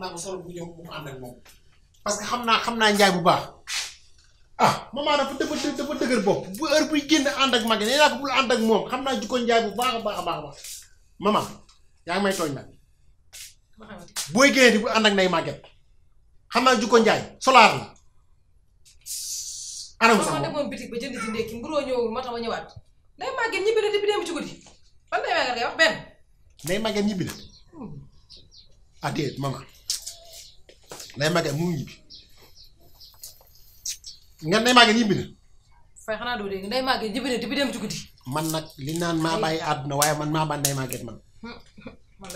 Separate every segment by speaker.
Speaker 1: am naa ko solo bu ñëw mu ànd ak moom parce que xam naa xam naa njaay bu baax ah maman dafa dafa dafa dëgër bopp bu heure buy génn ànd ak mag nee naa ko bul ànd ak moom xam naa jikko njaay bu baax a baax a baax a baax maman yaa ngi may tooñ nag booy génne di bu ànd ak nay màgget xam naa jikko njaay solaar la anam sama
Speaker 2: demoon bitik ba jënd ci ndékki mburoo ñëwul moo tax ñëwaat day màgget
Speaker 1: ñibbi na depuis démb ci guddi ban day màgget ngay wax benn day màgget ñibbi na hmm. ah déet Ndeye Maguette mu ngi ñibbi nga Ndeye Maguette ñibbi na. fay xanaa doo dégg na te bi dem ci man nag li naan maa bàyyi àdduna waaye man maa bàyyi Ndeye Maguette man.
Speaker 2: man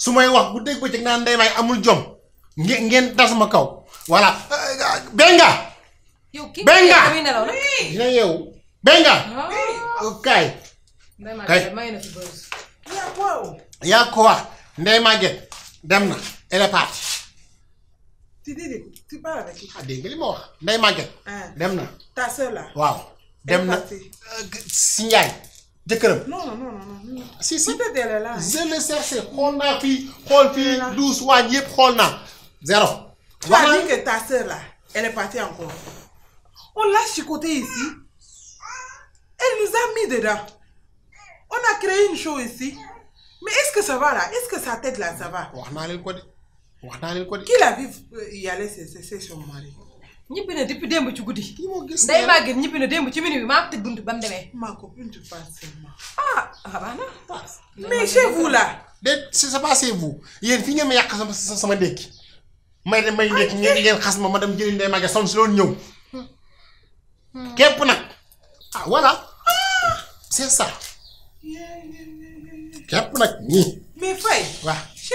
Speaker 1: de may wax bu dégg bëccëg naan Ndeye Maguette amul jom ngeen ngeen ma kaw voilà euh, benga. yow kii yeewu benga
Speaker 2: ah.
Speaker 1: kaay yaa ko wax Ndeye dem na elle est partie.
Speaker 3: tu dis tu parles
Speaker 1: avec qui. ah des nga li ma wax ah. Demna. ta soeur là. waaw Demna. Signal. si
Speaker 3: non non non non.
Speaker 1: si si hein. je le cherche xool naa fii xool fi, douze waañ yëpp xool na. zéro. tu as dit que ta soeur là elle est partie encore. on l'a chicoté ici.
Speaker 3: Elle nous a mis dedans. On a créé une chose ici. Mais est-ce que ça va là Est-ce que sa tête là, ça va wax naa leen ko de. kii la fi yàlla c'est c'est son mari.
Speaker 2: ñibbi na depuis démb ci guddi. kii moo gis day màgget ñibbi na démb ci minuit bi maa ko tëj buntu ba mu demee. maa ko buntu partiellement. ah xabaar ah, na.
Speaker 3: mais chez
Speaker 1: vous là. déet c'est pas chez vous yéen ngeen ma yàq sama sama ndékki. may may ndékki ngeen xas ma ma dem jëli ndey màgget sonn si loolu ñëw. képp nag. ah voilà. Ah, c'est ça. képp nag ñii.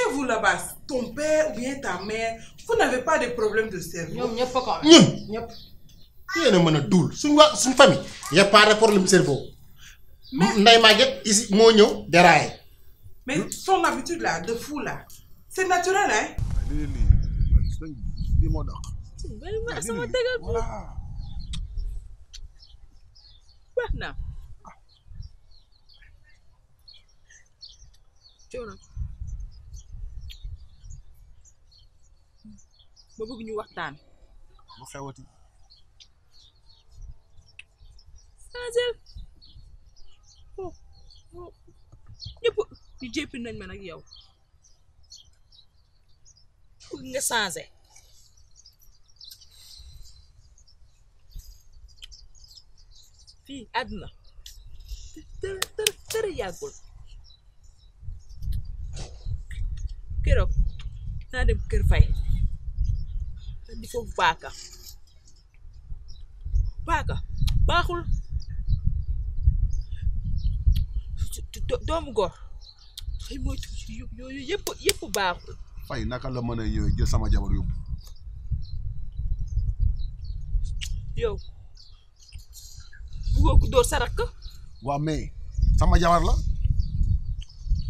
Speaker 3: Que vous là-bas, ton père ou bien ta mère, vous n'avez pas de problème de cerveau.
Speaker 2: Il y
Speaker 1: a suñu suñu famille a pas de problème de cerveau. mais ici mais son habitude
Speaker 3: là de fou là c'est naturel hein.
Speaker 2: là? ma bëgg ñu waxtaan. mu xewati. Oh, oh. ñu jéppi nañ ma nag yow. bëgg nga changé. fii àdduna
Speaker 3: tër tër tër yàggul keroog dem kër fay di ko paaka paaka baaxul doomu góor xëy
Speaker 2: baaxul
Speaker 4: fay naka la mën a yow jël sama jabar yóbbu
Speaker 2: yow buggoo ko dóor sa rakk
Speaker 4: waaw mais sama jabar la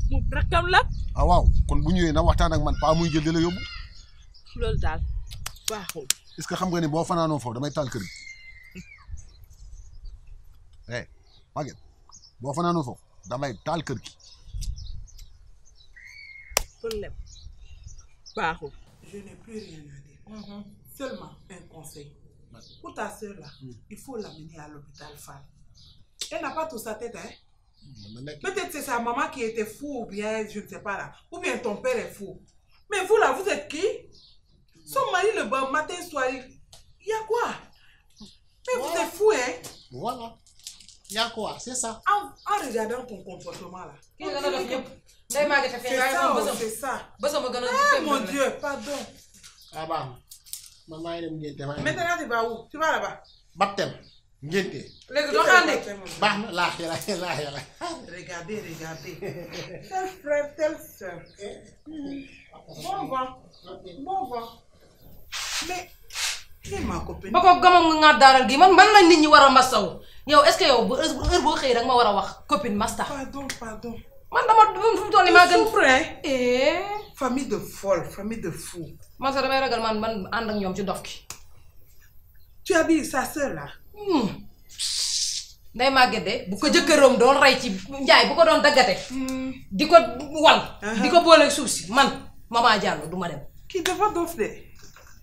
Speaker 2: moom rakkam la
Speaker 4: ah kon bu ñëwee na waxtaan ak man paa muy jël di la yóbbu loolu daal est-ce que tu xam nga ni boo fanaanoo foofu damay taal kër gi. eh Maguette boo fanaanoo foofu damay taal kër gi.
Speaker 3: problème baaxul. je n'ai plus rien à dire. Mm -hmm. seulement un conseil. pour ta soeur là. Mm. il faut l'amener à l'hôpital Fall. elle n'a pas tout sa tête hein. Mm, Peut-être c'est sa maman qui était fou ou bien je sais pas là. Ou bien ton père est fou. Mais vous là, vous êtes qui son mari le bat matin, soir. Il y a quoi Mais vous êtes fou, hein Voilà. Il y a quoi C'est ça. En, regardant ton comportement là. C'est ça, c'est ça. Ah mon Dieu, pardon.
Speaker 1: Ah bah, maman, est. me Maintenant,
Speaker 3: tu vas où Tu vas là-bas Baptême. Ngente. Bah,
Speaker 1: là, là, là, là.
Speaker 3: Regardez, regardez. tel frère, tel soeur. Bon vent. Bon vent. mais
Speaker 2: xëy ma ko ba ko gamam nga nga gi man man la nit ñi war a yow est-ce yow bu heure ma wax copine masta.
Speaker 3: pardon pardon.
Speaker 2: man dama fi mu ma nii maa Eh? famille de folle famille de fou. man sax damay ragal man man ànd ak ñoom ci dof ki. tu habilles sa sœur là. nday hmm. ma bu ko doon ci njaay bu ko doon hmm. di wal. di ko uh-huh. booleeg man mama Diallo du ma dem. kii dafa dof de.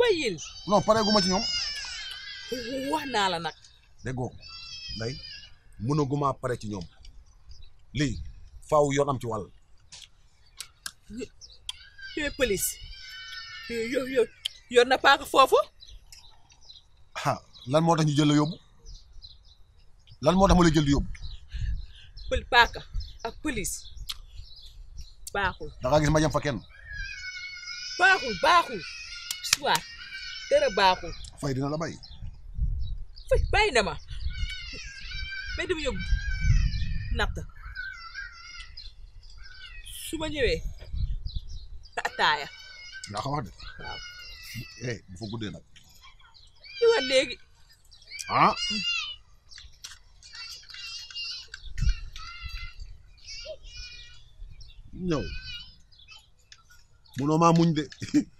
Speaker 4: bàyyil non pareeguma ci ñoom wax naa la nag déggoo nday mënaguma pare ci ñoom lii faaw yoon am ci wàll
Speaker 3: yoon police paaka foofu
Speaker 4: ah lan moo tax ñu jël la yóbbu lan moo tax ma la jël di yóbbu
Speaker 3: pël paaka ak police baaxul
Speaker 4: da gis ma fa kenn
Speaker 3: baaxul baaxul soir dara baaxul. fay dina la bàyyi. fay bàyyi na ma mais dama yóbbu natt su ma ñëwee ataaya.
Speaker 4: yaa ko wax de. waaw. eh bu fa nag. ñu war léegi. ah. ñëw munoo maa muñ de.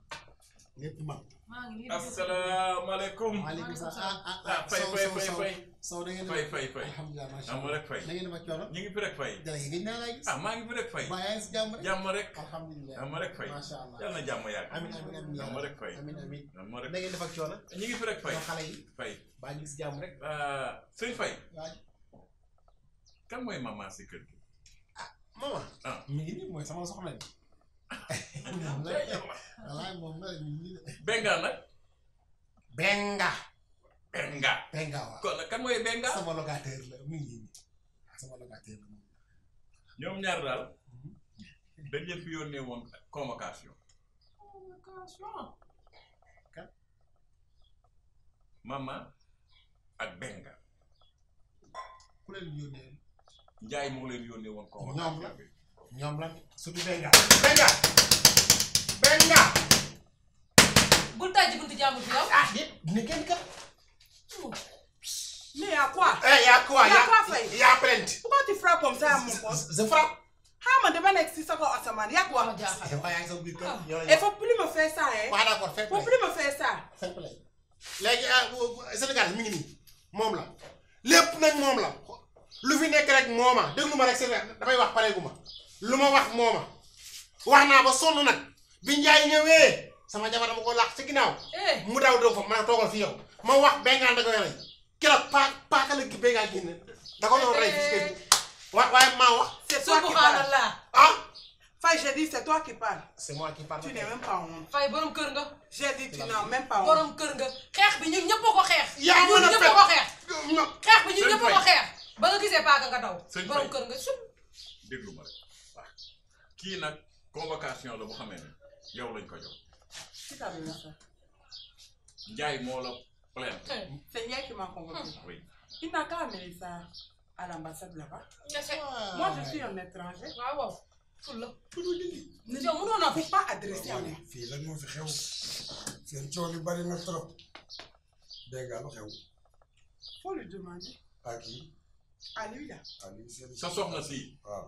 Speaker 1: lépp man. asalaamaaleykum. maaleykum salaam ah ah, ah fay fay fay fay. Sow da ngeen di. fay fay fay alhamdulilah macha allah rek fay. da ngeen di ma coono. ñu ngi fi rek fay. jërëjëf gëj naa laa gis. ah maa ngi fi rek fay. waaye yaa ngi si jàmm rek. jàmm rek. alhamdulilah jàmm rek fay. macha allah yal na jàmm yàgg. amiin amiin amiin jàmm rek fay. amiin amiin jàmm rek. da ngeen def ak coono. ñu ngi fi rek fay. ñoo xale yi. fay baa ñu ngi si jàmm rek. Ah, sëñ Fay. waay. kan mooy maman si kër gi. ah maman. ah mi ngi nii mooy sama soxna bi moom nag voilà moom nag benga nag. benga. benga. benga waaw kon kan mooy benga. sama locataire la mi ngi sama locataire ñaar daal dañ fi yónnee woon convocation. convocation. mama ak benga. ku leen yónnee. Njaay moo leen yónnee woon convocation bi. ñoom lan surtout benga benga benga
Speaker 2: bul tàjji buntu jàmbur bi yow ah
Speaker 1: ni kenn ka
Speaker 3: mais y a quoi eh y a quoi y a quoi Faye y a plainte pourquoi tu frappes comme ça à mon poste je frappe ah, nekk si sa kaw asamaan yaa ko wax.
Speaker 1: il
Speaker 3: faut plus me faire ça
Speaker 1: hein. waaw d'accord fekk faut plus me faire euh, euh, euh, Sénégal mi ngi nii moom la lépp nag moom la lu fi nekk rek mooma déglu ma rek Sénégal damay wax pareegu ma luma wax moma waxna ba sonn nak bi njaay ñewé sama jabar dama ko làq ci ginaaw eh. mu daw do fa ma togal fi yow ma wax bengal da ko rey pa pa paaka la ki bengaan génn da ko non ray ci ke eh. wax waaye ma wax c'est toi
Speaker 3: qui parle ah, ah? Fay, j'ai dit, c'est toi qui parle. C'est moi qui parle. Tu n'es même pas un homme. Fay, borom
Speaker 2: keur nga. J'ai dit, tu n'as même pas un homme. Borom keur nga. Xex bi ñun ñepp ko xex. Ya mo na xeex. Xex bi ñun ñepp ko xex. Ba nga gisé pa ka nga daw. Borom keur nga.
Speaker 1: Déglu ma rek. kii nag convocation la bu xamee ne yow lañ ko jox. Ndiaye moo la plainte. Eh,
Speaker 3: c'est Ndiaye qui m'a convoqué. Hmm. oui il n'a qu'à amener ça à l'ambassade là-bas. moi je suis un étranger.
Speaker 2: waaw fula. yow mënoon na fi pas
Speaker 3: adressé ah à
Speaker 1: fii lan moo fi xew seen coow bari na trop dégg xew.
Speaker 3: faut lui demander. à qui. à lui là.
Speaker 1: à lui sa soxna si ah.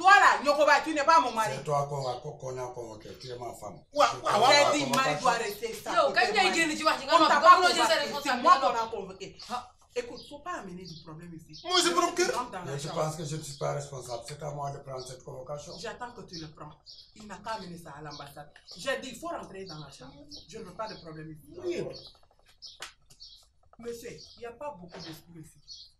Speaker 3: Toi là, Nyokoba, tu n'es pas mon mari. C'est
Speaker 1: toi qu'on a convoqué, tu es ma femme. Ouais, ouais, dit, mari doit
Speaker 3: rester ça. Non, quand il y a tu c'est moi qu'on a convoqué. Ah. Écoute, faut pas amener du problème ici. Moi, je procure.
Speaker 1: je pense que je ne suis pas responsable. C'est à moi de prendre cette convocation. J'attends
Speaker 3: que tu le prends. Il n'a pas amené ça à l'ambassade. J'ai dit, il faut rentrer dans la chambre. Je ne veux pas de problème ici. Oui. Monsieur, il n'y a pas beaucoup d'esprit ici.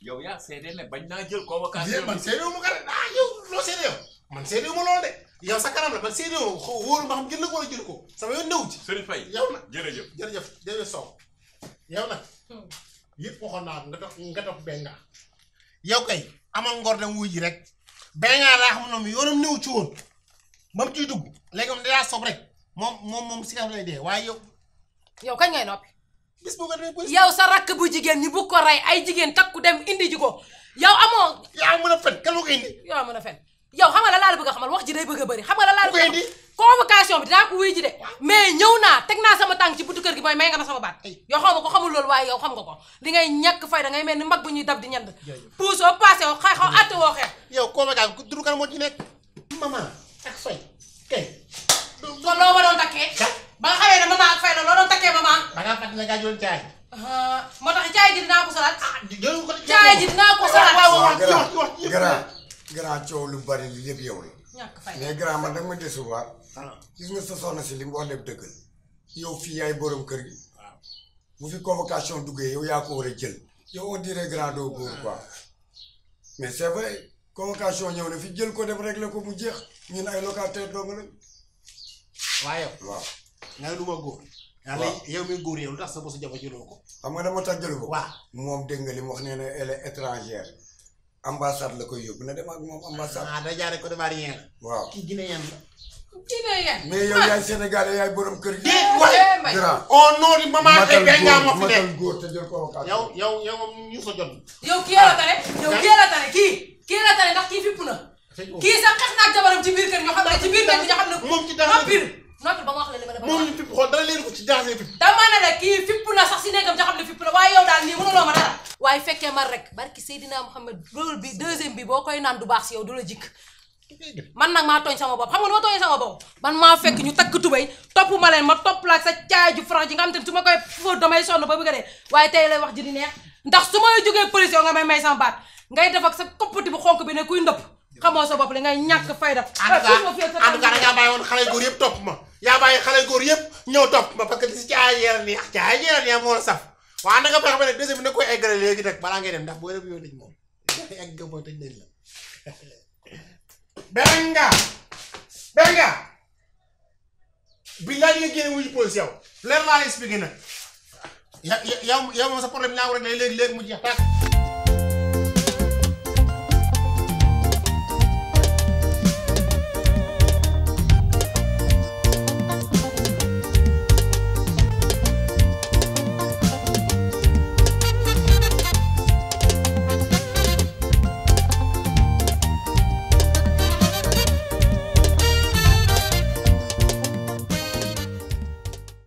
Speaker 1: yow yaa seede ne bañ naa jël convocation. man seede wu ma ko ah yow loo seede yow man seede wu ma loolu de yow sa kanam la man seede wu ma xaw wóoru na ko wala jël ko yow nag jërëjëf jërëjëf jërëjëf Sow yow nag hmm. yëpp waxoon naa nga dox nga dox benga yow kay amal ngor dem wuy ji rek benga laa xam noonu yoonam néew ci woon ba mu dugg léegi moom dayaa sob rek moom moom moom si kanam lay dee waaye yow. yow kañ ngay noppi. bis bu ko defee yow sa rakk
Speaker 2: bu jigéen ñi bu ko rey ay jigéen takku dem indi ji ko yow amoo. yaa a fen kan la indi. yaa mën a fen yow xam nga la laa la bëgg a xamal wax ji day bëgg a bëri xam nga la bëgg a xamal convocation bi dinaa ko wuy ji de mais ñëw naa teg naa sama tànk ci buntu kër gi mooy may nga ma sama baat yow xaw ma ko xamul loolu waaye yow xam nga ko li ngay ñàkk fay da ngay ni mag bu ñuy dab di ñand puusoo paase xay xaw atte woo
Speaker 1: xeex dangaa fàttali ne ngaa jëloon caay.
Speaker 2: Ah, moo tax caay ji dinaa ko salaat. ah jëloon ko caay ji dinaa ko salaat. Ah, waaw
Speaker 1: grand grand grand coow lu bari li yëpp yow la. ñàkk fay mais grand man danga ma décevoir. Ah. gis nga sa soxna si li mu wax lépp dëgg la. yow fii yaay borom kër gi. bu fi convocation duggee yow yaa ko war a jël. yow on dirait grand doo góor quoi. mais c'est vrai convocation ñëw na fi jël ko def réglé ko mu jeex ñun ay locataire dong lañ. waaw yow. waaw. nga ne du ma góor. waaw yàlla yow mi góor yow lu tax sa bosu jabar jëloo ko. xam nga dama tax jëlu ko. moom dégg nga li mu wax nee na elle est étrangère. ambassade la koy yóbbu na dem ak moom ambassade. ah da jaaree Côte d'Ivoire. waaw kii guinéen la. guinéen. yow yaay ah. Sénégalais yaay borom kër gi. Eh, waaye eh, grand. au nom du maman. matal góor matal góor te yow
Speaker 2: yow yow ñu jot. yow kii yow Seydina muhammad loolu bi deuxième bi bokoy koy du bax si yow dula jik man nak ma togn sama bop xam nga ma togn sama bop man ma fekk ñu takk tubay top ma leen ma top laak sa caay ju franc ji nga xamanteni te koy fo damay sonu ba bëgg a waye tay lay wax ji di neex ndax suma joggé police yow nga may may sama baat ngay def ak sa koppati bu xonk bi ne kuy ndop
Speaker 1: xamoo sa bop li ngay ñak fay en tout cas nga ngaa bàyyi woon xale góor ma ya baye xalé goor yëpp ñëw top ma parce que ci si caay neex caay yeeran neex saf waaw na nga fexe ba ne deuxième bi na koy eggale léegi nag balaa ngay dem ndax boo dem yow dañ moom egg boo tëj nañ benga benga bi laa di nga génne wuñu pause yow leer laa expliqué nag yow yow moom sa problème naa ko rek léegi léegi mu jeex